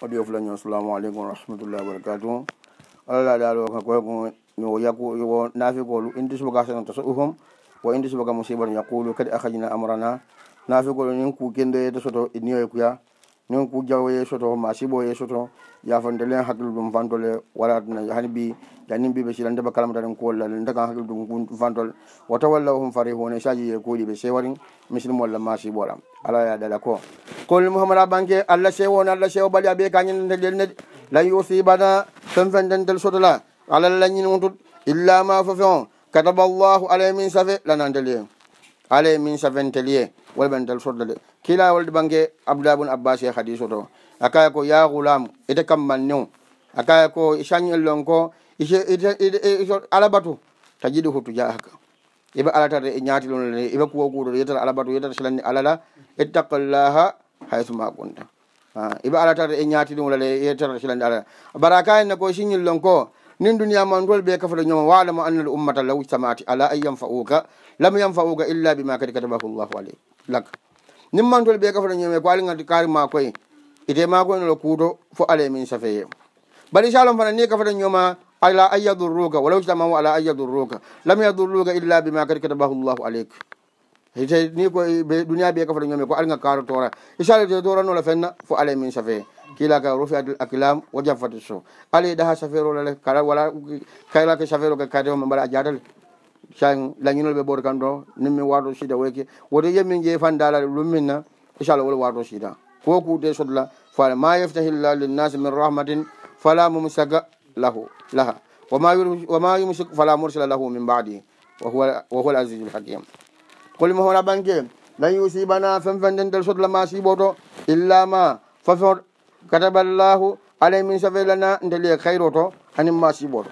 waɗi o fulañu assalamu aleykum warahmatullahi wabarakatu alalaɗaɗo koyko no yaku o nafigolu indi subaka sen to soɗu hom o indi subaka musibata yakulu kadi ahajina amrana nafigolu nin ku gendoye to soto e niyoye kuya nin ku jawoye soto ma siboye soto yafandelen hakkilu ɗum fantole waɗatna hani bi janin ɓiɓe sila ndeɓa kala mtaɗen kollal dagan hakkil ɗum vantol watawalla hum fari hone saji ye kuuɗiɓe sewarin misilmu allah masi ɓoora ala ya ɗaɗa ko kolli mouhamad abanke allah sewone allah sewo ɓaɗi aɓe kañinde ɗel ned lan yusibana fenfendentel sotola ala lañin utut illa ma fofe o kataba llahu alay min safe lanandel ye alay min safentel ye wol ɓentel sotta de kila wolde banke abdoulabune abbas e hadiseoto akaya ko ya gulam ete kam manne o akaya ko sañel lon ko alabatu ta jiɗi hottu jahaka eɓe alatare e ñaati lon lene eɓe kuwokuuro yetata alabatu yetata salanni alala ittaqallaha haysuma gonta eɓe alatare e ñaati ɗum lene yetata salanni alala bara kayenne ko siñil lon ko nin duniya ma ndol ɓe kafata ñoma walamo annal ummata law samati ala an yanfauka lam yanfauka illa bima kadi katabahu llahu alay lak nin mantol ɓe kafata ñoma ko aligati kaari ma koye ite ma koynolo kuuto fo ala min safeye bari salom fana ni kafata ñoma ala an yadurruka walaw jtamau ala an yadurruka lam yadurruka illa bima kadi katabahu llahu aleyk ete ni ko ɓe duniat ɓe kafata ñoomi ko alga kaaro toora isalete toranola fenna fo ala min safe kiilaka rofi adil aclam wo jafate so ala ɗaha safeer olale kala wala kaylake safeer o kakaate o ma mbaɗa jaatale san lañinol ɓe ɓor kan ɗo nin min waato sida woyke woto yemmin jeefandala lumminna inchallah wol waato sida ko kuute sodla fo ala ma yeftahillah linnase min rahmatin fala mumsaga lahu laha wama yumsik fala mursila lahu min badi wahuwa lazizu lhakim kuli mohona banke lan yusibana fenfendendel sotla ma siboto illa ma fafo kataba llahu alay min safelana ndeli e hayroto hanin ma siboto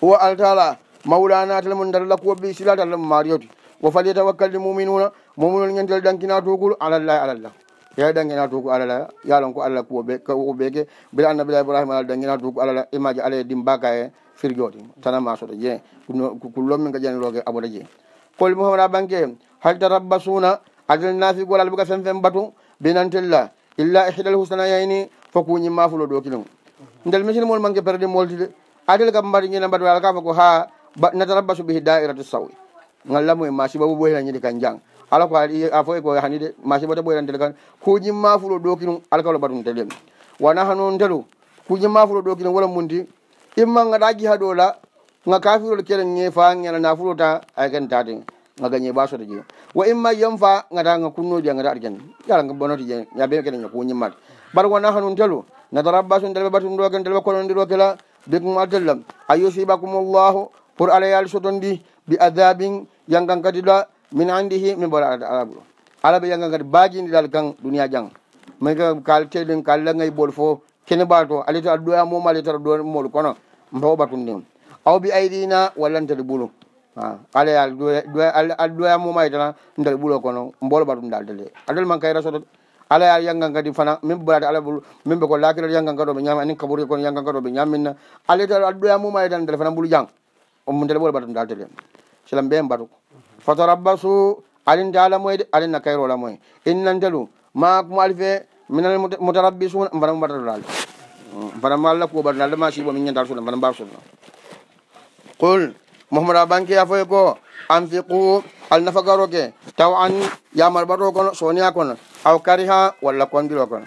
huwa altala mawlana tal mun dar lakuwa bi sila tal mariyoti wa falyatawakkal lilmu'minuna mu'minul ngendel dankina tugul ala llahi ala llahu yaha ɗangena tuku alala yalon ko alala kuoɓeke bila annabila ibrahima ala ɗangena tuku alala image ala din baka e firjoɗi tanamasoɗo je ku lommin ka ƴaniroke aboda je koli mohamada banke hal tarabbasuna adal nafi golal buka fen fen batu binantella illa ihdal husana yayni foku ñimma fulo ɗo kilon ndel misine mol manke perdi moltide adal kam mbaɗi ñina mbaɗ wala ka foko ha natarabbasu bihi dairatu sawi ngallamu e ma sibabu boyhilañiɗi kan jang ala ko a fo ko hani de machin bo taɓoyran tele kan kuƴin ma fuɗo ɗoki ɗum alkawla ɓaɗum tele wona hanon telo kuƴin ma fuɗo ɗoki ɗum wolo mundi imma gaɗa jiha ɗo la ga kafirol kere ge fa ñanana fuɗo ta aykan tade ga gañe ɓasoto je wa imma yam fa gata ga kunnoji a gata ar ken yalaga bonoto je yaɓe kene ña kuƴimmat bat wona hanon telo nadara ɓaso ndelɓe ɓatum ɗoke ndelɓe konondiro kela bikum altella a yusibakum llahu pour alayali sotondi bi adabin yangan kadi la min anndi hi min mbawra arabe ɗo arabe ƴangal kadi baajindiɗal kan duniya ƴang min kaali teɗin kaali langay bol fo kene ɓaato alito aɗa ɗoya moma alito aɗa ɗoya moɗo kono mbawɓa tun ndin aw bi aydina wallantade ɓulo alaya aɗa ɗoya moma ay tana ndal ɓulo kono mbolo ɓatun ndal dele adal man kay rasoto alaya yangal kadi fana min ɓeɓaɗe ala min ɓe ko lakiral yangal kadi o ɓe ñama anin kaburke kono yangal kadi o ɓe ñamminna alaytaɗa ɗoya moma ay tana ndal fana mbulu ƴang ndele ɓolo ɓatun ndal dele silam ɓe mbatu fatarabbasu alin dalamoy de alin na kayrolamoy in nantelu makum alfe minal mutarabbisuna mbaram mm, mbatadoral mbaram walla ko badal ma sibo min nyandal sulu mbaram bar sulu qul muhammad banki afoy ko anfiqu al nafagaroke tawan yamar baro kono sonia kono aw kariha walla kon biro kono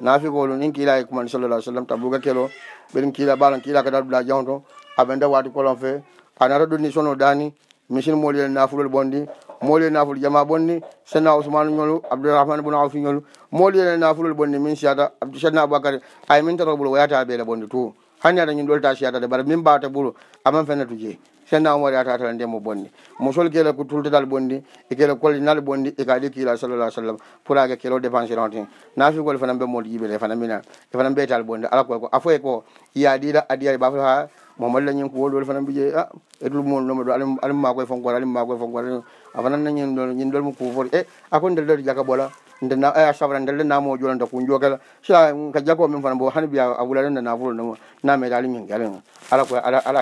nafigolu nin kila e kuman sallallahu alaihi wasallam tabuga kelo ben kila balan kila kadal bla jawto abenda wati kolon fe anata dunni sono dani misine moolel nafulol ɓonɗi moolel nafulo jama ɓonɗi sanna ousmane ñolu abdourahmane bon awfi ñolu moolel nafulol ɓonɗi min siyata sanna aboubacary ay min tarobolo wayata ɓeele ɓonɗi tout hanni ada ñin ɗolta siyatade bara min mbata ɓuuro aman fenatu jee sanna omari ata tala ndemo ɓonɗi mosol kele ko tultadal ɓonɗi e kele kollinal ɓonɗi e kaɗi kiila sallallah sallam pour age kelo dépense rantin nafigol fana mbe mooto yiɓele fana mina e fana mbeytal ɓonɗi ala koy ko afoye ko yaɗiɗa adiyaye bafa ha mamadi dañen ko wolwol fanan mbije ah, e e e a edul mon ɗoma ɗo alim ma koye fonkoore alim ma koye fonkoore afanan dañen ɗo ñin ɗol mu kufoto e eh, akon nder ɗer jaka ɓola ndena eh, a safra ndelle namo jolanta kun jokela sa ka jako min fana bo hani biya a wulare nde nafulo ɗoma na meɗe alim hen galen ala koy ala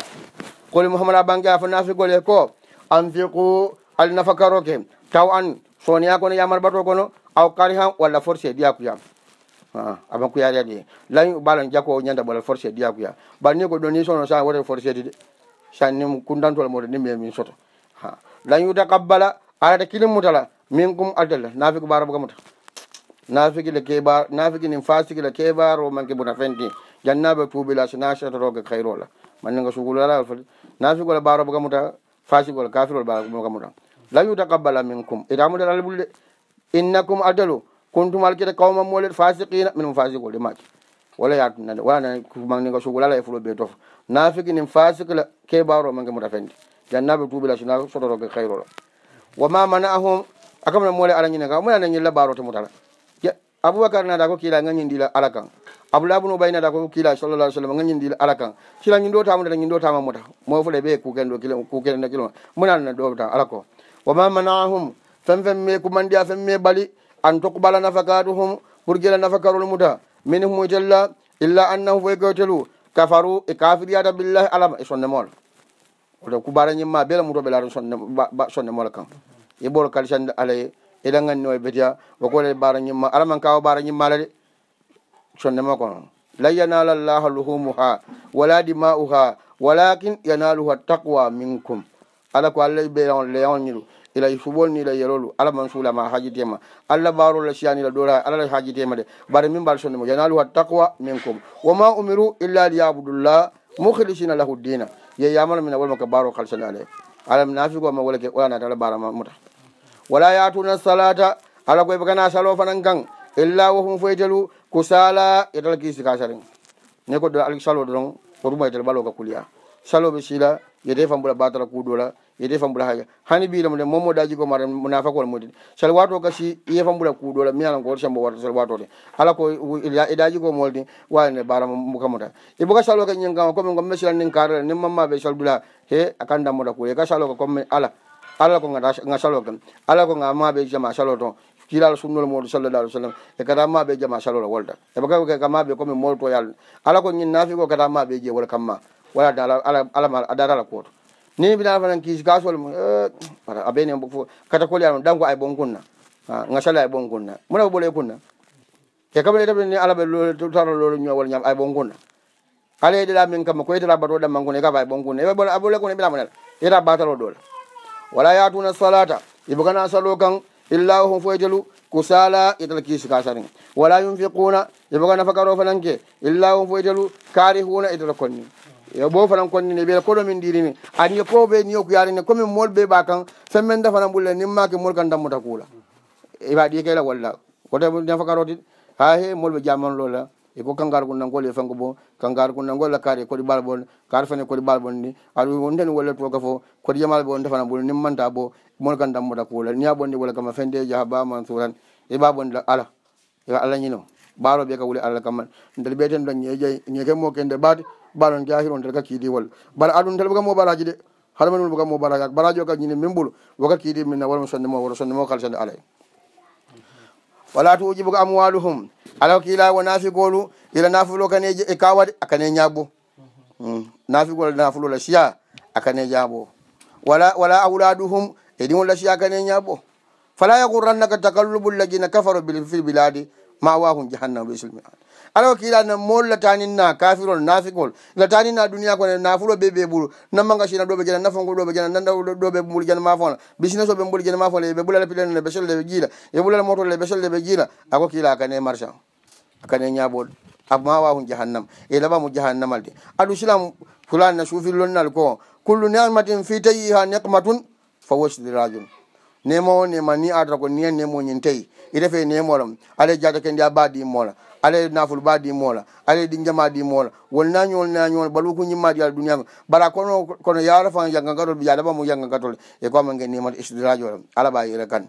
koli mouhamada banke afa nafigole ko anfiku alinafakaroke taw an soniya kono yamar ɓato kono aw kari han walla forcé diyakuyam aban kuyari ade lañ ɓalan jakowo ñanda ɓola forcé diya kuya ɓan ni goɗɗo ni sono sa wote forcé de de sanni kundantola moto ni mbiya min soto ha lañ yuta kabbala arata kilimmutala min kum addalla nafiki ɓaro bagamuta nafiki le kebar nafiki nin fasiki le kebaro manke buna fenti jannaɓe tuubila sina setotoke kayrola manninga sugulalaol fo nafikola ɓaro bagamuta fasikola kafirol ɓaro bagamuta lañ yuta kabbala min kum itamudal albulde innakum addalu kuntum alkita kawma mole fasiqina min fasiqo de maki wala ya tunande wala na kuma ninga so wala la e fulo be tof nafiki nim fasiq la ke baro mangi muta fendi jannabe tubi la sina so do ke khairo wa ma manahum akamna mole ala nyinga mo na nyilla baro to muta la abubakar na da ko kila nganyin dila alakan abdullah ibn ubayna da ko kila sallallahu alaihi wasallam nganyin dila alakan kila nyindo ta mun da nyindo ta mamuta mo fule be ku kendo kila ku kendo kila mun na do ta alako wa ma manahum fam fam me ku mandiya fam me bali an tokɓala nafakatuhum ɓurgila nafakarol muta min humo jella illa annahu foygoytelu kafaru e kafiriyata billahi alama e sonnemola oto kubara ñimma bela muto ɓelaton sonnemola kan iɓol e kalisande alaye eɗen ganni o betiya wokole bara ñimma alaman kawa bara ñimmala de sonnema kon lan yanala llaha luhumuha wala dima'uha walakin yanaluha taqwa minkum ala ko allah ɓeleyaol ñiɗu ila i suɓolni ila yelolu ala man suulama a hajitema allah barola siyanila ɗora alala hajitema de bare min mbaɗa sondemo yanalu ha taqwa min kom woma umiru illa liyabudullah mukhlisina lahu dina ye yamano mina wolma ko baro kalsanale alam nafigoma wolake walanata ala barama muta wala yatuna salata ala koy ɓe kana salo fanan kan illa wohum foytelu ko sala yetala kisi ka sarin ne ko ɗo alsalo ɗon ko rumaytel ɓaloka kuliya saloɓe sila yede fambula batara kuɗola yede fambula haya hani ɓilamu de momo daji ko mara nafa kol mude sal wato kasi ye fambula kuɗola mi ala gol sambo wata sal wato de ala ko e daji ko molde wawine bara mukamuta e boka salo ka ñingama comme ko mesila nin karala nin mammaɓe salɗula he a kan dammuda kuule e ka saloka comme ala ala ko ga saloka ala ko ga maɓe jama salo to kilala sunnol modu sallallah alih w sallam e kata maɓe jama salola wolda e bakaka maɓe comme molto yalla ala ko ñin nafi ko kata maɓe je wol kamma wala daalaala kooto ni mbiɗaa fana kiis gasol mum eh, abeni fo katakoli ama ɗanko ay ɓonkunna ah, gasale ay ɓonkunna mona ɓole kunna e kam ɗe taɓni alaɓe tara lolo ñowol ñam ay ɓonkunna ala yeɗela min kamma ko yetera bato ɗam mankuna kafa ay ɓonkunna ɓole kun ɓiɗa mona yetera batalo ɗola wala yatuna salata ibgana salo kan illa hom foytelu ko sala yetal kiisi gasare wala yumfiquna ibgana fakaro fananke illa hom foytelu kaari huna yetala konni yo e ɓo fana konnine ɓeyta ko ɗo min dirini ani ko ɓe ni o kuyarine komin molɓe ɓa kan femmen da fana ɓulle nimmaki mol kan dammuta kuula e ɓaɗi kela walla kotefakaroti ha he molɓe jamanolola e fo kangar kunna ngol e fanko bo kangar kunna ngol la kare kodi bal bon kar fane kodi bal bon ni ar wonten wolle to ka fo kodi yamal bon da fana bul ni manta bo mon kan dam mota kula ni abon ni wala kama fende ja ba man suran e ba bon ala e ala ni no baro be ka wuli ala kama ndal beten do nyeje nyeke mo kende bat balon jahiro nder gakkidiwol bala aɗum tel ogam mo balaji de haɗama ɗum ogam mo balaji balaji o gañine min ɓol o gakkidi minna walmo sonde mo wala sonde mo kala sonde alay wala to uji boko amwalu hum ala kiila wo nafigolu ila nafulo kane e kawade akane ñabbo hmm. nafigol nafulola siya akane ñabbo wala wala awladuhum e ɗi wolla siya kane ñabbo fala yagurannaka takallubu lladina kafaro fi lbilade ma wahum jahannam bisilmi ala alako kiila na mol latani na kafir on nafikol latani na dunia ko na fulo bebe buru na manga shina dobe jana nafon dobe jana nanda dobe mul jana mafon bisina so be mul jana mafon be bulala pilen be sol de gila e bulala moto le be sol de be gila ako kiila ka ne marsha ka ne nyabol abma wa hun jahannam e laba mu jahannam alde adu silam fulan na sufi lonnal ko kullu ni'matin fi tayha niqmatun fawashdirajun nemowo nema ni adata ko nien nemo ñin tawi i refe nemolam aɗa jadake ndiya ba dimola aɗa nafol ba dimola aɗa ɗi jama dimola won nañol nañol baɗu ko ñimmaɗi yaɗa duniya ma bara kono kono yaro fan jangga gatol ɓe jadaɓa mo jangga gatol e ko amange nemata istidrajo lam ala ɓa ira kan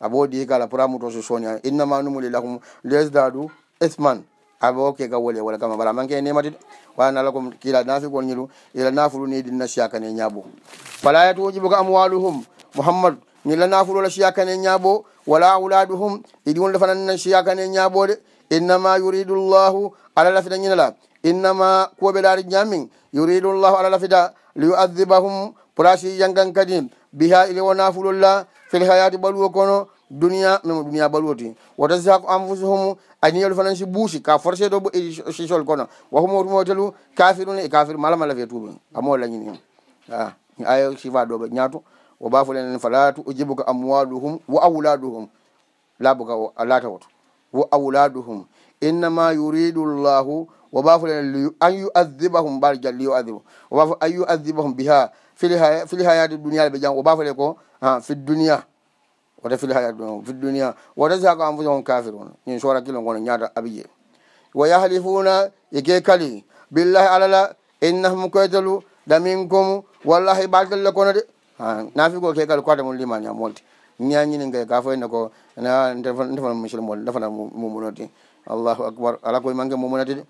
a ɓoodi kala pramuto so soni a innama numuli lahum lesdadu isman abo ke ga wole wala kama bara manke ne matit wa na lakum kila nafi gon nyilu ila nafulu ni din nasiya kane nyabo fala ya tuji buka amwaluhum muhammad millanafulola siyakane ñaabo wala awulaɗu hum iɗi wonde fananna siyakane ñaaɓode innama yuridu llahu ala lafida ñinala innama kuoɓe ɗari ñamin yuridu llahu ala lafida liyuadibahum prasi yangan kadi biha ile wonafulolla fel hayatu ɓaluwo kono duniya mema duniya ɓaluwo ti watasihako enfuse hum aniyol fanan si buusi ka forcé to ɓoɗi sisol kono wahumotumotelu kafirune e kafir malamalafiya tuɗum amo lañini aya siva ɗoɓe ñaatu wo bafolenen falatu ujibuka amwaluhum wo auladuhum laboga alatawoto wo auladuhum innama yuridu llahu wo bafolenen an yuadibahum barjal li yuadibu wobafo an yuadibahum biha fili hayati duniya ɓe jan wo bafole ko fi duniya wota fili hayati fi duniya wota saka anfusahum kafir on min sora kilo gono ñata abije wo yahlifuna e ke kali billahi alala innahum koytalu da min kom wallahi ɓartelle kono de nafigo kegal koada mum liman ñamolde ñañini ngay ga foyne ko defana monsieur mol defana mumunode allahu akbar ala ko manke mumunade de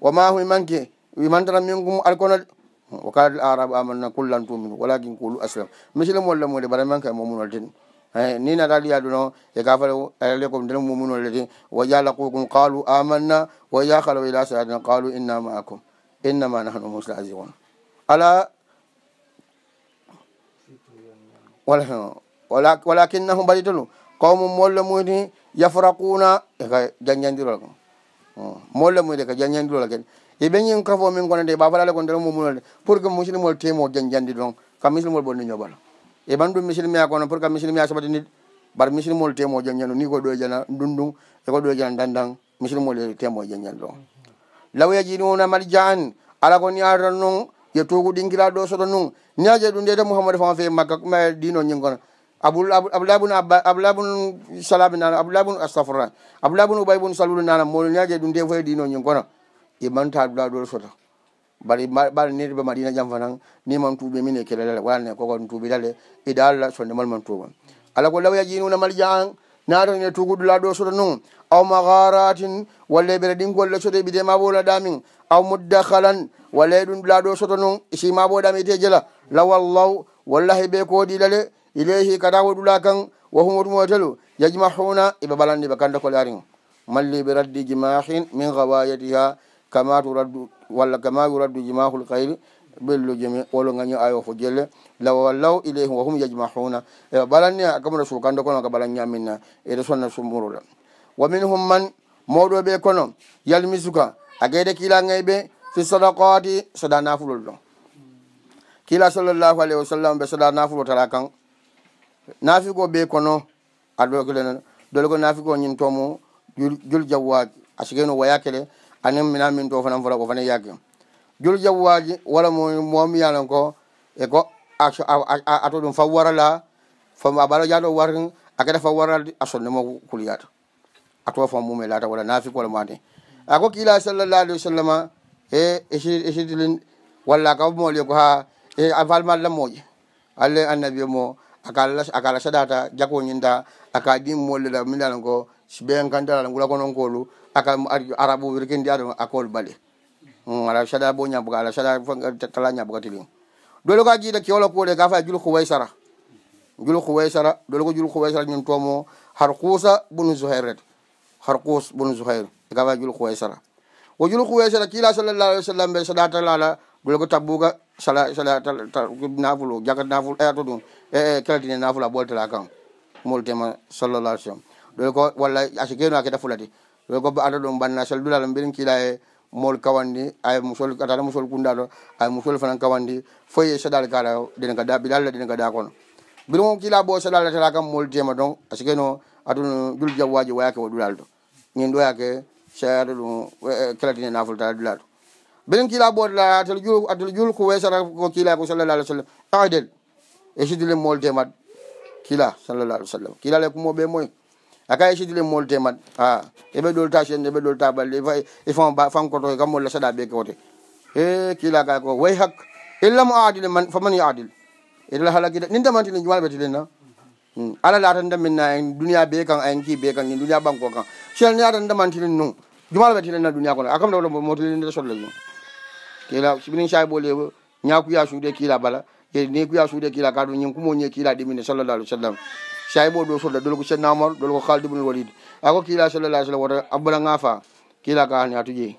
wama hum manke wimantara mingum alkonode wa kala l arabe amanna kullan tumin walakin kulu aslam monsieur molle mude bara manke mumunolde de ni nata liya ɗuno e ga fare ale kom nden mumunolde de wa yalakukum qalu amanna wa yakhalu ila saladina qalu inna maakum innama nahnu mustahzi on ala walakinnahum baditolu kawmu molle muyni yafraquna eka janjandirol ka molle muyde ka janjandirol kadi hmm. e iɓeñin e kafo min gonande ɓafalale gon dermomunode pour que musilmol temo janjandi ɗon ka musilmol ɓonne ñoɓala eɓan ɗum musilmi a kono pour que musilmi a soɓati nit bar musilmol temo janjandu ni ko ɗo e jana ndundum eko ɗo jana dandan musilmol temo janjandi ɗon law yajiduna malja an ala ko niyatan non yettugu ɗinkiraɗo soɗo nun niaje ɗum ndede mouhamado fama fe makka ma dino ñingona abdulahbun abdulahbun salami nana abdulahbun astahfirla abdulahbun ubay bun salulu nana mo niaje ɗum nde foye dino ñingona i manta dulaɗo soto bari ɓar nirɓe madina jam fa tan ni man tuuɓe min e kele dale wanne kokon tuuɓe dale ida allah sondemal man tuuɓa ala ko law ya jinuna malja an naata ne tugu ɗulaɗo soto nun aw magaratin walla ɓere ɗinkolle sote ɓide ma wolaɗamin aw muddahalan wallay ɗum ɗila ɗo soto noon e sima bo ɗamiteejela lawallaw wallahi e ɓe koodiɗale ileyhi kada woɗula kan wahumotumotelu yajmahuna iɓe ɓalanni ɓe kanda kolarin malli ɓe raddi jimahin min hawayatiha kama turaddu walla kama yuraddu jimahul kayri ɓellujimi wolo gañi ayo fo jelle lawallaw ileyhim wahum yajmahuna eɓe ɓalanni a kamoɗa suu kanda kono ka ɓalanñi amin na ede sonna sumurula wa minhum man moɗo ɓe kono yalmisuka a gede kilangay ɓe fi sodakati soda nafulol ɗon kila sallallahu alayhi wa sallam ɓe soda nafulo tara kan nafigo ɓe kono aɗokle dolgo nafigo ñintomo jul jawwaji a sigeno wayakele anin mina min to fanan fora ko fanan yakin jul jawwaji wala mo mo mi yalan ko e ko ato dum fawara la fam abara jado warin akada fawara asol ne mo kuliyata ato fam mo melata wala nafi ko wala mane a ko kiila sallallah alih wa sallam e esidili walla ka mooƴo ko ha avalmal lammooƴo alla annabi mo akala saɗata jakoñinta aka ɗim mollila minala ko ɓen kantalal ngula ko non koolu aka arabu rikindi aɗo akool bale hmm, ala saɗa bo ñabuka ala saɗa tala ñabuka tilin dole ko a jiita kewolo kuole ka faa julu huway sara julu huway sara dole ko julu huway sara ñun toomo har kuusa bunu zohayr rete har kuus bunu zohayru gawa julu ko wesara o julu ko wesara kila sallallahu alaihi wasallam be sadata lala golgo tabuga sala sala ta ta nafulu jaga nafulu e to dun e e kaldine nafulu bolta la kan multema sallallahu alaihi wasallam do ko walla asigeno akita fulati do ko ba adadum banna sal dulal mbirin kila e mol kawandi ay musol kata musol kunda do ay musol fanan kawandi foye sadal kala den ga dabi dalla den ga da kono bir mom kila bo sadal la kam mol tema don asigeno adun jul jawaji wayake wadulal do ngin do yake seeda ɗum e, e, kalatini nafol ta e dulaɗo benen kila ɓoode la tele jul atele jul ko wesata ko kila ko sallallah alih w sallam aɗel e sidile molde mat kila sallallah alih w sallam kila le kumoɓe moy aka e sidile molde mat a eɓe ɗolta sen eɓe ɗolta balle e fankoto kam molla saɗa ɓe kewte e kila ka ko way hak illam adile man faman ya adil e ɗala halakida nin damantine jumal ɓetelen na Hmm. ala lata nde minna en duniya be kan en ki be kan en duniya banko kan chel ni adan daman tirin nu jumal be tirin na duniya ko akam dawlo mo tirin de sollo yum kila sibin shay bole nya ku ya sude kila bala ye ne ku ya sude kila kadu nyin ku mo nye kila de minna sallallahu alaihi wasallam shay bo do sollo dol ko chen namor dol ko khalid ibn walid ako kila sallallahu alaihi wasallam wada abula ngafa kila ka ni atuje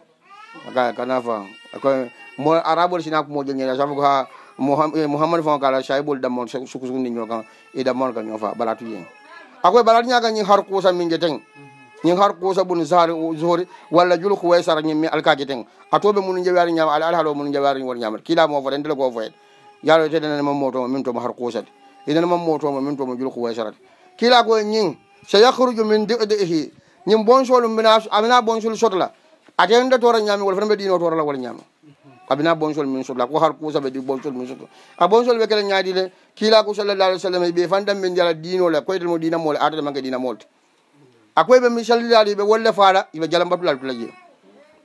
aka kanafa ko mo arabol sina ku mo jengela sabu ko ha mouhamad eh, fon kala saybol dammol sukusugni ñoka e dammol ka ñofa baratu yeng akoy barat ñaga ñing har kuusa minge teng ñing har kuusa bun sahari zohori walla julu ko way sara ñim mi alkaji teng a toɓe munu jawari ñama ala alhaalo munu jawari war ñamata kila mo fota ndela ko foyet yaalo te dena mam motoma min toma har kuusade edena mam motoma min toma julu ko way sarade kila koye ñing sa yakhruju min dedehi ñim bon solu mbina amina bon sol sotla atenda tora ñami wala fota mbe dino tora la wala ñama abina bonsol min sotla ko har kusa ɓe di bonsol min sotla a bonsol ɓe kere ñaadi le kiilako sallallah alih w sallam e ɓe fandan min jara diinole a koyetemo diinamole adata manke diinamolte a koye ɓe mi sallilaali ɓe wolle faala yiɓe jala mbatulal tula jee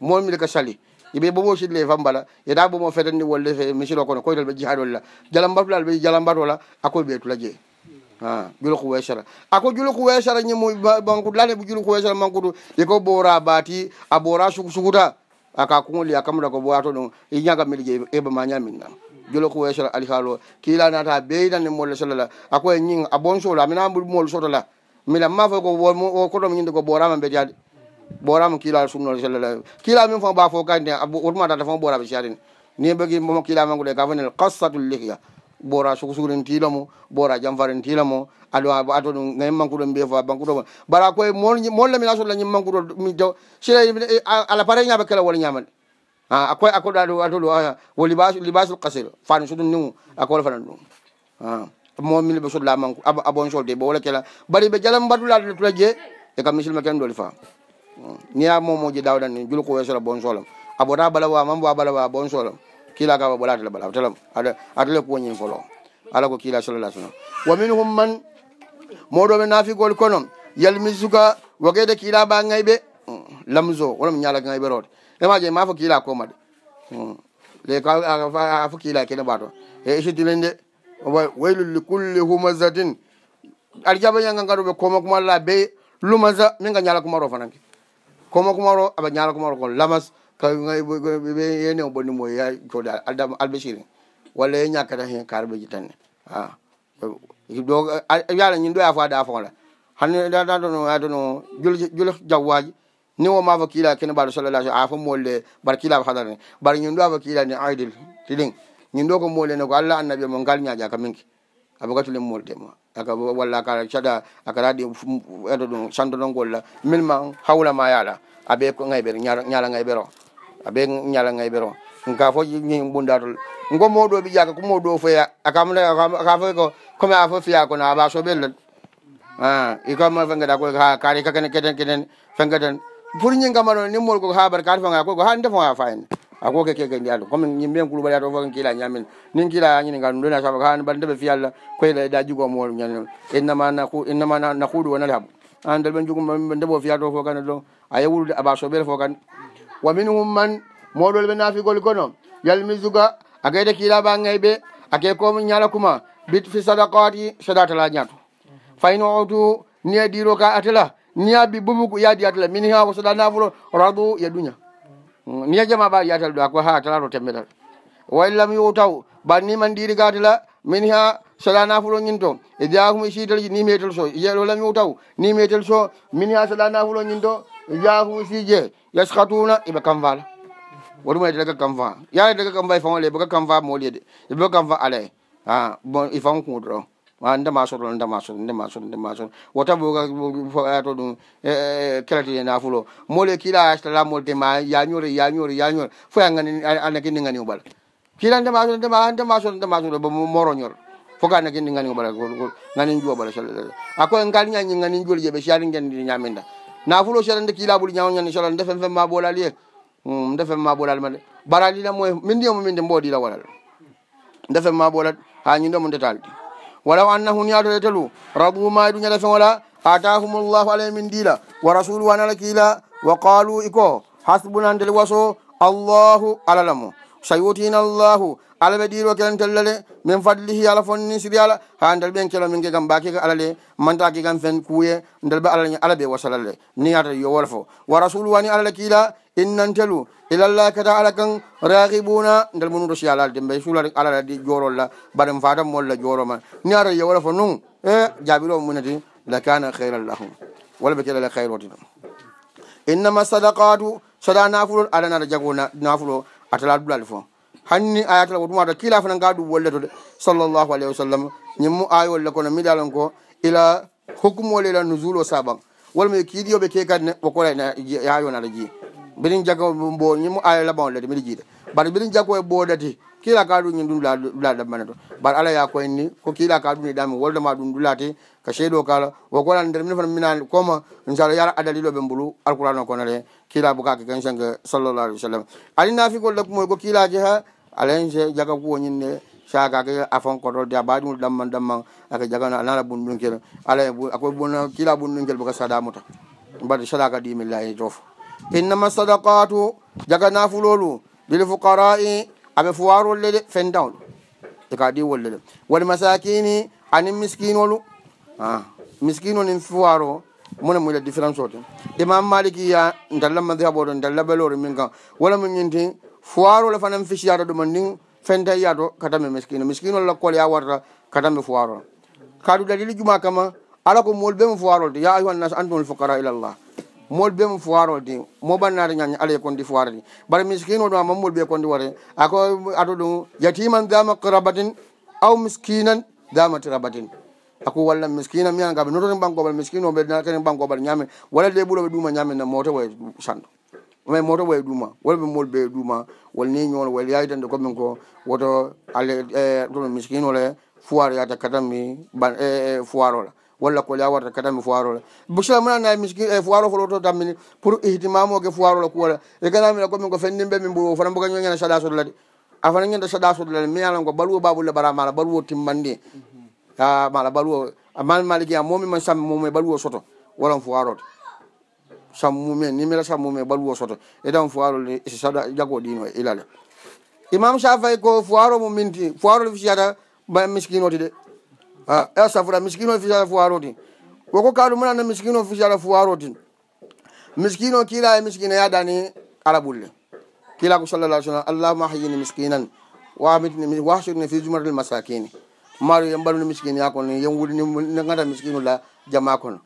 mon mil ka sali yiɓe bomo sidle e fambala yeta bomo fetandi wolle misiro kono koytal ɓe jihaɗol la jala mbatulal ɓe jala mbatola a koye ɓe tula e jee julku wesara ako julku wesara ñimu mankut lane julku wesara mankutu yiko bora baati a bora sukusukuta aka kuŋoli a kamata ko ɓoyato ɗon i ñaga mili je eɓa ma ñamin na jolo ko wesola alihaalo kiila nata beyinane molle sola la a koye ñiŋ a bon soolo amina ɓuri molu soto la mina ma fo ko kotom ñinde ko ɓorama mbetiyade ɓorama kiila sunnole sola la kiila min fo ɓa fo kaynde wotuma tata fo ɓorama siyatin ni ɓegi mo kiila mangude ka fo nel kassatul lihya bora sukusugu en tiila mo bora jamfar en tiila mo aɗo ato ɗum ngayi mankuɗo mbiye fof a bankuɗo mo bara koye molle mina sol lañim mankuɗo mi jaw sila e, ala pare ñaaɓa kala wala ñaamade a akoye akoɗo aɗo ato ɗo wo libas libasul kasir fani sudu niu akola fanan ɗum momine ɓe sodla manku a bon solde ɓe wola kela bari ɓe jalam mbaɗulaɗo tula je e kam misilma ken ɗoli fa niya momoji dawɗan ni julko wesora bon solam a bota balawa mam wa balawa bon solam kila ka ba bolata bala atala atala ko nyin folo ala ko kila sallallahu alaihi wasallam wa minhum man modo be nafi gol konon yalmizuka wa gede kila ba ngaybe mm, lamzo wala mi nyala ngaybe rot e maje ma fo kila ko mad mm. le ka a fo kila kene bato e e sidi lende waylul likulli humazatin aljaba nyanga ngado be ko makuma la be lumaza mi nga nyala ko maro fananke ko makuma ro aba nyala ko maro ko lamas kayeneo ɓonimo ya cooda adam albasiri walla ye ñakkata hen karbeji tanne wiyala ñin ɗo ya fo a dafoora hanndatono atono jul jawwaji ni wo mafo kiila kene mbaɗo sallalah sallm a fo molle bar kiilaɓe hadarne bar ñin ɗo afo kiila ni aidil tiɗin ñin ɗo ko molle ne ko allah annabia mo ngalñaaji aka minki aɓe gatule molde mo aka walla aka caɗa aka raɗi eto ɗum sandoɗon golla milma hawla ma yaala aɓe ko ngayɓere ñaala ngayɓere o aɓe ñalagay ɓero ka fo ɓundatol ngo moɗo ɓi ƴaka ko moɗo foya akamka fo ko comme a fo fiya kono aɓa soɓellen ikomme fengeda ko kari kakene keten keten fengeten pour ñingamano nimol ko habar kati fanga koy ko ha nde fonga fayne a ko ke keke ndi ado comme ñimbe ngulu bari ado fanga kila ñamin nin kila ñini ngal ndona sa ka ban de be fiyal ko ila da jugo mo ñan inna ma na ku inna ma na khudu wa nalhab an dal ban jugo ndebo fiyal do fo kan do ay wul aba so bel fo kan wa min humman moɗol ɓe naafigol gono yalmisuga a gayde kiilaɓa gay ɓe ake komi ñala kuma bit fi sadakati sada tala ñatu fayno otu niya diro ka atela niya bi bubuk yaadi atela min hawo soda nafulo radu ya duña mm, niya jama ɓa yatel ɗo ako ha talato temmeɗal wallam yo taw bannima ndiri gatela min ha soda nafulo ñinto e jahum sitel ji ni metel so jeɗo lam yo taw ni metel so min ha soda nafulo ñinto jafusije yaskatuna iɓe kam vala woɗumo edelega kam va yaa delega kam va i fama le boga kam va moolede e boga kam va ale a bon i fam kuudoro ndema soto ndema soto ndema soto ndema soto wota boogato ɗum keratine nafulo moole kiila astala molde ma yañore yañore yañore fo ya gani anaki ni gani oɓala kiila ndema soto ndema ndema soto ndema soto bo moroñor fo ka anaki ni gani oɓala gani njuoɓala a koye ngal ñañi gani njuol jeɓe si ani gendi ñaminda nafulo sarande kilaɓuli ñawoñande sala defen fen ma ɓolali e mm, defen ma ɓolali ma de baralilamo min ndiyomo e min de mboɗila waɗal defen ma ɓolat ha ñindemo detalɗi walaw annahum yatode telu rabu ma edu ñade fen wala atahum llahu alay min ndila wa rasulu anala kiila wa qalu iko hasbunandel waso allahu alalamo sayutina llahu ala ɓe ɗiɗo kelen tellale min fadli hi ala fonni siri ala ha ndal ɓen kelo min kegam mbakeka alale mantake gam fen kuye ndal ɓe alaa ala ɓe wasalalle ni yata yo wala fo wa rasulu wani alala kiila innantelu ilallah kata ala kan raribuna ndal munuto si ala dembe sulare alala di jorolla baɗen fatamolla joroma ni yata yo wala fo nun e jaɓiro munati lakana hayran lahum wala ɓe kelale hayroti ɗum innama sadakatu sada nafulol alanaɗa jago nafulo atala dulal fo hanni ayatala ko ɗumata kilafana nga ɗum wolleto de sallllahu alayhi wa sallam ñimmo awi wolle kono miɗalon ko ila hokkumole ila nousule o saɓan walamiɗe kiiɗiyoɓe kekadi ne ɓokora yayonaɗa jii mbiɗin jagoo ñimmo awi laɓan wollede mbiɗa jiiɗe bat mbiɗin jago e ɓoɗati kila ka ɗum ñin ɗum ɗula ɗammane to bat ala ya koyenni ko kila ka ɗum ɗiɗami woldema ɗum ɗulati ko seyɗo kala wokoɗan nder mine fana minani comme inchallah yara adaliɗoɓe mbulu alqouran o konore kila bo kake kensange sallallah alih wa sallam ali nafigol lakkumoy ko kilaji ha alayn se jaga kuwo ñinne saga ake afan kotol de abadiul damman damman ake jagana anana bunɗun kel alay ako bona kila bunɗun kel boka sadamuta mbade sadaka dimillahi toof innama sadakatu jaga nafulolu bilfuqarai aɓe fuwarolle de fendawol e ka di wolle de wal masakini anin miskinolu miskino nin fuwaro mune muyla différence ote imam malikiya ndalla madhabo to ndalla belore min kan wala mu ñintin foirole fanam fisiyata ɗum ndin fentayiya to katame miskino miskino lakkol ya warta katame foirol kadu dalili juma kama ala ko mol bemo foirol de ya ayuhannas antumul fukara ilallah mol bemo foirol de moɓannade ñaña alaye kondi foire de bara miskino ɗum amamol ɓe kondi ware ako ato ɗum yatiman dama kirabatin aw miskinan dama tirabatin ako walla miskina miyan gaɓe nototen bankoɓal miskino ɓe kene bankoɓal ñamen walla de ɓuuroɓe ɗuma ñamen na mote waye sando ma moto waye ɗuma wolɓe molɓe ɗuma wol ni ñoono wol yaydande komin ko woto ale tomi e, miskinole foir yata katanmi e, e, foirola walla kol yawarta katanmi foirola bosila mona nayi miski foiro fo loto tammini pour ihtimamoke foirola kuwala e ganamina komin ko fenndimɓe min ɓuuro fota mboga ñoñana saɗa sodlade afata ñanda saɗa sodlade mi yalan ko baluwo babulle ɓara mala baluwo timmandi mm-hmm. a mala baluwo amalmaligi a momima samme momi baluwo soto walan foirota sammumen numéro sammumen baluwo soto eɗan foirole e sada jago ɗino e ilale imam safay ko foiro mo minti foiro fisiyata ba miskinoti de e safra miskino fisiyata foiroti woko kaalu munana miskino fisiyata foiroti miskino kila e miskina yadani arabulle kila ko sallalah sallam allahuma hayini miskinan wamitni wasurni fi jumratel masakine maaro yen mbalu ni miskine yakon yen wuli ni ganda miskinu la jama kono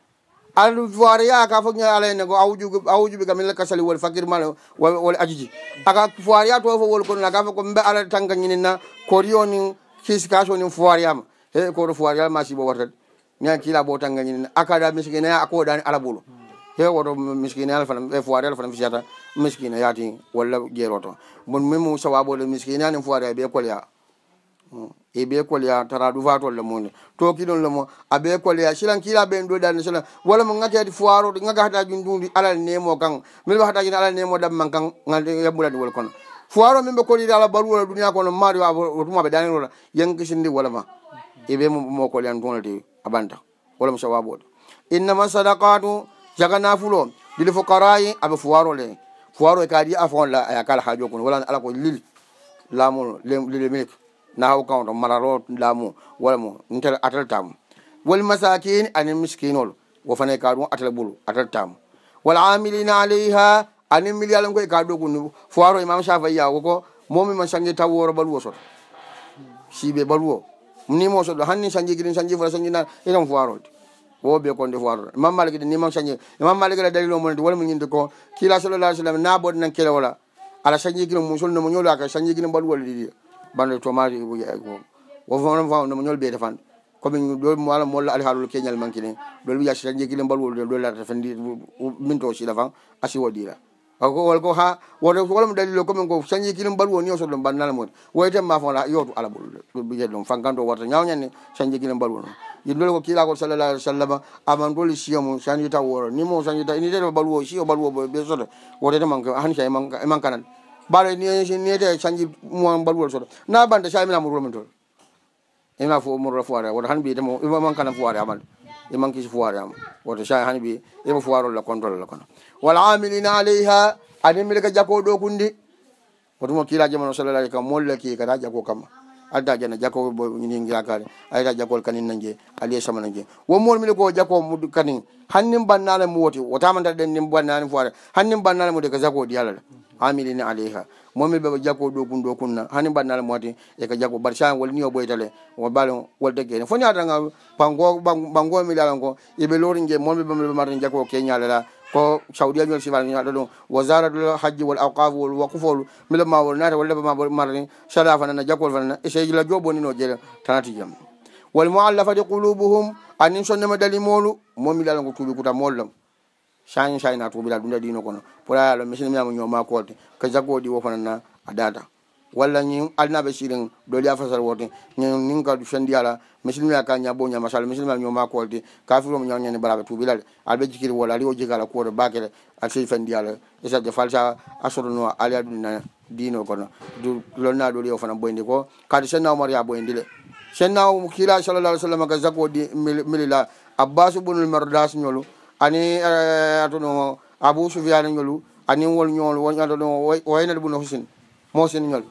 aɗfoire ya ka foo alayne ko awuju awujuɓe kam illa kasali wol fakir mal wol ajiji aka foire ya to fo wol konno aka fo ko mbe ala tanka ñininna koriyoni kiskasoni foire yama he koto foire yama sibo wartat mia kila bo tanka ñininna akada miskine a koɗani alaɓolo he woto miskine al fana e eh, foire al fana fisata miskine yaati walla jeero to bon mimu sawaɓode miskine ani foire ya ɓe kolya Mm. e ɓe koliya tara ɗufatol le mun tokiɗon le mon aɓe koliya silan kila ɓen ɗo ɗane silan walla mo gatiati foiro ɗo gaga hataji dudi alal nemo kan mino hataji alal nemo ɗamman kan yamɓulade wol kono foiro min ɓe koliri ala baru wala duniya kono mari tuma ɓe ɗanirola yankisindi wallama eɓe mo koliyan tonote abanta walla mo sawaboɗo innama sadakatu jaga nafulo dili fokarayi aɓe foiro le foiro e kadi afonla aya kala hajo kono wala ala ko lili lamol lele milke na hau kan wata mararo lamu wala mu intar atar ta mu wal masakin anin miskinol wa fane ka ruwan atar bulu atar ta mu wal amili na alaiha anin miliyalin kwa ikadu kunu fuwaro imam shafai ya wako momi man sanje ta wuwaro baluwa sota si be baluwa ni mo sota hannin sanje girin sanje fura sanje na ilan fuwaro wo be konde fuwaro imam maliki ni man sanje imam maliki la dalilu mwende wal mwende kwa kila sallallahu alaihi wasallam na bodi nan kila wala ala sanje girin musul na mwenyolo aka sanje girin baluwa lidiya bande tomaji e ɓo e wofoon fawde mo ñol ɓeyde fande commin ɗowala molla ali haalol keñal manqkine ɗol wiya si tan jeggile mbalwol de ɗolata fendi min to siɗa fan asi waɗira wala ko ha wode walamo dalilo commin ko san jeggile mbalwo ni o soɗo bandana mode woyten ma fola yotu alabol ɓiyede ɗum fankanto warta ñawñanne san jeggile mbalwo non yidole ko kiila ko sallallah alih wa sallam amandoli siyo mum sañita wooro ni mo sañita initede ɓalwo siyo ɓalwo ɓe soɗo wodede manque han sa e manqkanande e baɗoniyetee canji mbalwol soɗo na bande sa mina mourura min toon ima e fo mourura foire woto han ɓiy demo ima manque anam foire amade i manque si foire am woto sa han ɓiy ima foirol la contrôle la kono wala amilina aleyha animbeɗe ka jakoɗo kundi wotumo kiila jamano sallalah alih kam molle kii kata jako kamma adda jana jakowe boyiyakare ayita jakowol kanin nanje aliye sama nanje wonmol mine ko jakowo mu kanin hannin bannale mu woti wotamadaɗen nin bannani fo are hannin bannale mude ko jakowo diyalal amilini aleyha momi ɓeɓe jakko ɗo kun ɗo kunna hani bannala mwati eko jakko bat sa wolni o ɓoytale bale wol deggene foni adaga ɓango ɓangomi lalan ko eɓe lorin je momi ɓeɓe mar jakko keñalala ko saudia ñol sifanaaɗo ɗum wo zaratl hajji wol aukaf wol wakufol milo mawol naata wol leba mabo marni sala fanana jakkol fanana eseijila joɓoni no jele tanati jam wal moallafati qulubuhum anin sonnema dali molu momilala ngo tuuɓi kuta mollom sañi sañi na tuuɓila ɗum ɗa ɗino kono pour ayalo misinemiyamo ñoma kolte ko jaggoɗi wo fanana a data walla ñin alinaɓe sirin doliya fasal worti ñin ninka sendiyala misilimi ya ka ñabo ñama sal misilima ñoma kolti kafirom ñañani baraɓe tubilal alɓe jikiri wol ari o jigala kuore bakere asei fendiyala esadde falsa a sotono ali adunna dino kono lonna ɗoli o fana boyndi ko kadi sennawmaro ya boyndi le sennaw kila salallah alih sallam ka zako di milila abbasu bunul mardas ñolu ani eh, atono abou soufiane ñolu ani wol ñolu wo atono wayna bune husine mosin ñolu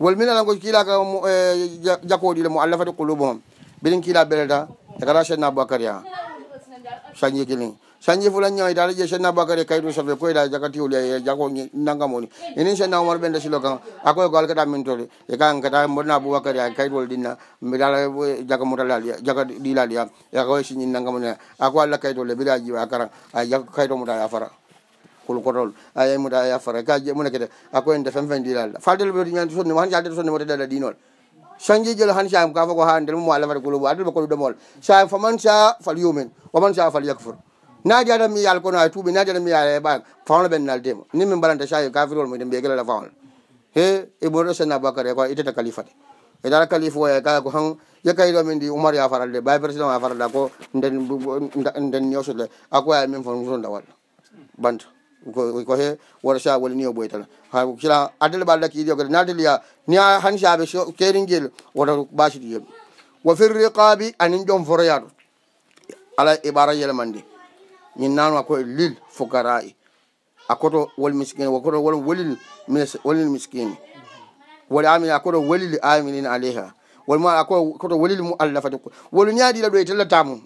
wol min alanko kiila ka eh, jakkoɗile mo allah fati kulubu hom bidin kiila belta yakata chaine aboubacary a sañi kili sañi fula ñawi taata je chaine aboubacary kaytu safe koy da jakatiwol eh, jako nangamoni inin chaine aomar ɓende silo kan a koy ko alkata min tole e kan kata mbonna aboubacary a kaytuwol dinna mbi tata eh, jaka mutalali jaka ɗilali a yakoy e siñi nangamoni a ko allah kaytole biɗa jiwa a kara a jak kaytomutali a fara kolkotol ayeymuda yafara gaji mune kede ako en defen fen dilalla faldele ɓeti ñande sonnimo han jaldeto sonnimo te ɗeɗa ɗinol changi jel han sam ka fa ko ha ndel mo ala fa golobo adul ko do mol sam fa man sa fal yumin wa man sa fal yakfur na ja dam mi yal ko na tubi na ja dam mi yal e ba fa on ben naldem ni min balanta sa ka fa mo dem be gele la fa on he e bo do e sen abakar e ko ite ta khalifa e dara khalifa wa e ka ko han ya kay do min di umar ya faral de ba president ya faral da ko nden nden nyoso de ako ay min fa mo ronda wal banta ko he wora sa wole ni o ɓoy tan ha sila addele ɓalɗa ki idiogede nadeliya ni a han saɓe keringel wota ɓasiɗi yeɓe wo firri qaabi anin jom foroyaɗo ala e ɓara yelemande min nanu a koye lil fo gara i a koto wol miskine wokoto wol wolil wolil miskine wole amin a koto wolil aminin aleyha wolma koto wolil mu allah fati wolu ñaaɗiɗa ɗo e tellata mum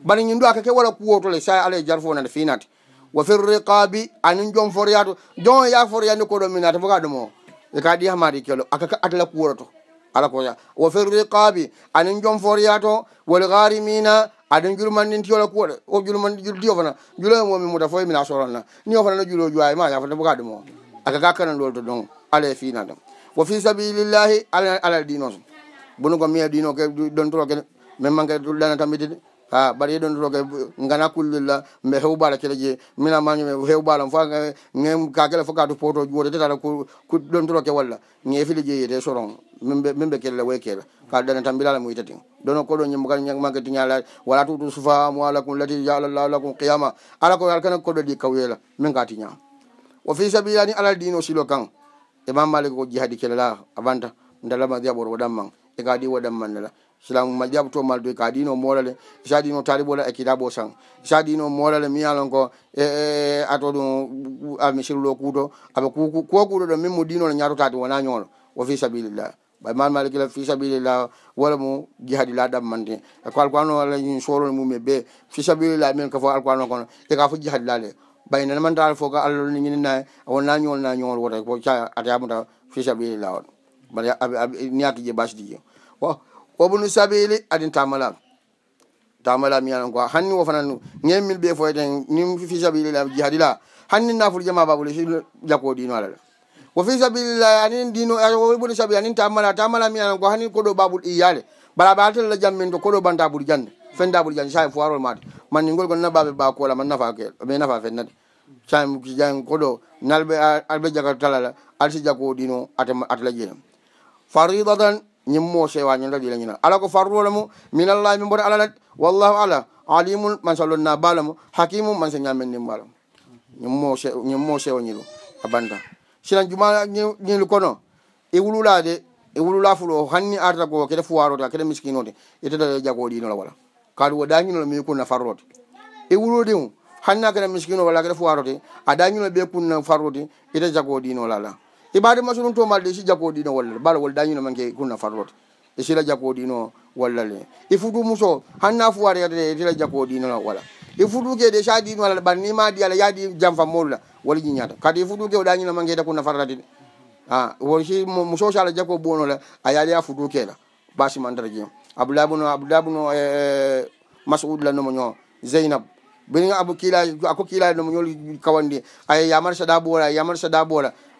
bani ñin ɗo a ka ke wala kuwotole sa alah e jarfo nade finate wo fir riqabi anin jom foryatu jon ya foryani koɗo minata foga ɗum o e ka ɗi hamaɗi kelo akaka atala kuworoto ala koya wo fir riqabi anin jom foryato wol gari mina aɗen julmanɗintiyola kuoɗe o julmani jurdio fana julomomi muta fo mina soronna ni o fana no julo juwa ma yafata foga ɗum o akaka kanan lolto ɗon ala e finata wo fi sabilillahi ala alal ɗino to bono ko miya ɗino ke ɗon toro kene min manke ɗanatamitide ha ɓaɗa yiɗon toke gana kullilla mbe hew ɓaala keleje minamañum hew ɓaalam eh, fo e kakele fo kato poto juwode tetaɗa ɗon toroke walla ñee fili jeyiyete soron mimɓe mimɓe kelele woy kela kaɗa ɗane tan mbilala muyita tin ɗono koɗo ñimmakañamaketi ñala wala tutu sufamu alakum lati jalalla lakum qiyama ala ko ala kana koɗo ɗi kawyela min ka tiña wa fi sabillani alal din osilo kan imam malik o jihadi kelela avanta ndalamadiyaɓoro waɗanman e ga ɗi waɗanmannela silamu ma ƴabto maldoy e ka ɗino moɗole saɗino taliɓola e kitabo san saɗino moɗole miyalon ko e, e, e ato ɗum ami sirlo kuuto aɓa kuku ko kuuɗo ɗo min mo ɗinole ñatotade wona ñoolo wo fi sabilillah ɓay mal malikila fi sabilillah wala mo jihadi laɗam mande e ko alkuano alain sorole mum e ɓe fi sabilillah min ka fo alkuano kono e ka fo jihadi laɗe ɓay nana mantaɗa fo ka allah ninginnae wonna ñool na ñool wota ko ca atayamuta fi sabilillah oɗo baɗa niyatuje basdijo wobunu sabili adin tamalam tamalam yanango hanni wo fanan ñemmil ɓe foyeten ni fi sabilila jihadi la hanni nafulu jama babule si jako dino alala wo fi sabilila anin dino wobunu sabi anin tamala tamalam yanango hanni koɗo babul iyale bala batelala jammin to koɗo banta buri jande fenda buri jande sai foirol mate manningol gon nabaɓe bakola man nafakel ɓe nafa fennade san koɗo nalɓe aɓe jagatalala alsi jako dino atelajene faridatan ñimmo sewa ñon radi lañina ala ko farrole mu minallah min mboto alalat wallahu ala alimum mansallonna bala mu hakimum mansa ñamen nim bala ñimmo ñimmo sewa ñilu a banta sinan juma ñilu kono e wulula de e wulula fulo hanni arta go kede fuwarota kede miskinode itada jago ɗinola wala kadu wo dañinol mi kunna farrote e wulode mu hanna kede miskinowala kede fuwarote a dañinol ɓe kunna farrote ita jago ɗinolala ibade maso ɗum to malɗe si jakoɗino wallal bala wol dañino manke kunna farlote e sila jakoɗino wallal he e futu muso hanna fuwarede sila jakoɗinola wala e futukede sadino alal ɓannima di ala yaadi jam fam molula wala jiñata kadi e futuke o dañino mankeeta kunna farlade eh, eh, de a won si muso sala jako bonola a yaade a futukela basimandara jeem abdoulabuno abdoulabuno e masoud la nomoño zeynab bin abu kiila ako kiilade nomoñol kawandi ay yamar sada bola yamar sada bola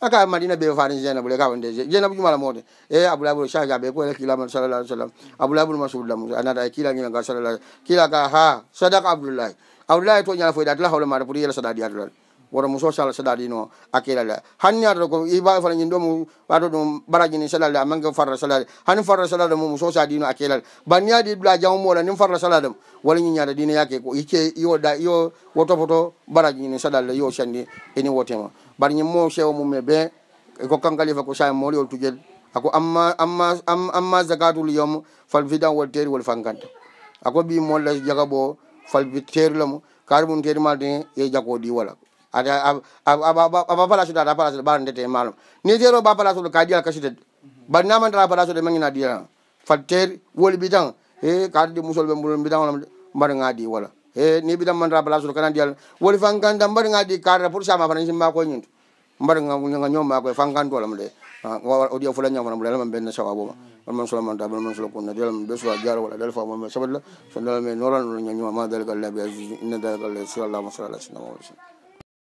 aka madina ɓe fani jenabu le ka wonde jenabu jumala mode e abulabul shaja be ko e kila man sallallahu alaihi wasallam abulabul masud lam anada e kila ngi nga sallallahu kila ka ha sadaq abdullah abdullah to nyala foida tla hawla mara puri yela sadadi adula woro muso sala sadadi no akela la hanni ado ko iba fala nyindo mu wado dum baraji ni sallallahu alaihi wasallam farra sallallahu hanni farra sallallahu muso sadadi no akela banni adi dula jamu mola nim farra sallallahu wala nyinya da dina yake ko ike yo da yo woto foto baraji ni sallallahu yo shandi eni wotema bar ñim mo chewo mum e be ko kankalifa ko sam mooɗi holtu jel ako amma amma amma zakatul yom fal fidan wol teri wol fanganta ako ɓi molla jaga ɓo fal terilamo kaari mum teri malte ye jako ɗi wala aaa palace ɗa ta palace ɗe ɓara ndete malam ni teri o ɓa palace ɗo ka ɗiyal kasited bar namantara palace ɗe mangina ɗiyala fal teri woli ɓitan e kaari ɗi musol ɓe mbulol ɓitan olam mbaɗa ga ɗi wala e ni ɓi ɗammanta blasoto kana ndiyal woni fankanta mbaɗi ga ɗi kaarta pour sama fana sim makoye ñinto mbaɗiga ñoom mako e fankantolam de o ɗia fula ñaafana mbu alama ɓenne sawaɓoma wonman sola manta wonman sola kunna dalam be sola jaro wala dal famo sabatla so dalam e noranoo ñañuma ma dalgal labi asisi inna dalgal le sallallahu sallallah sallam wa sallam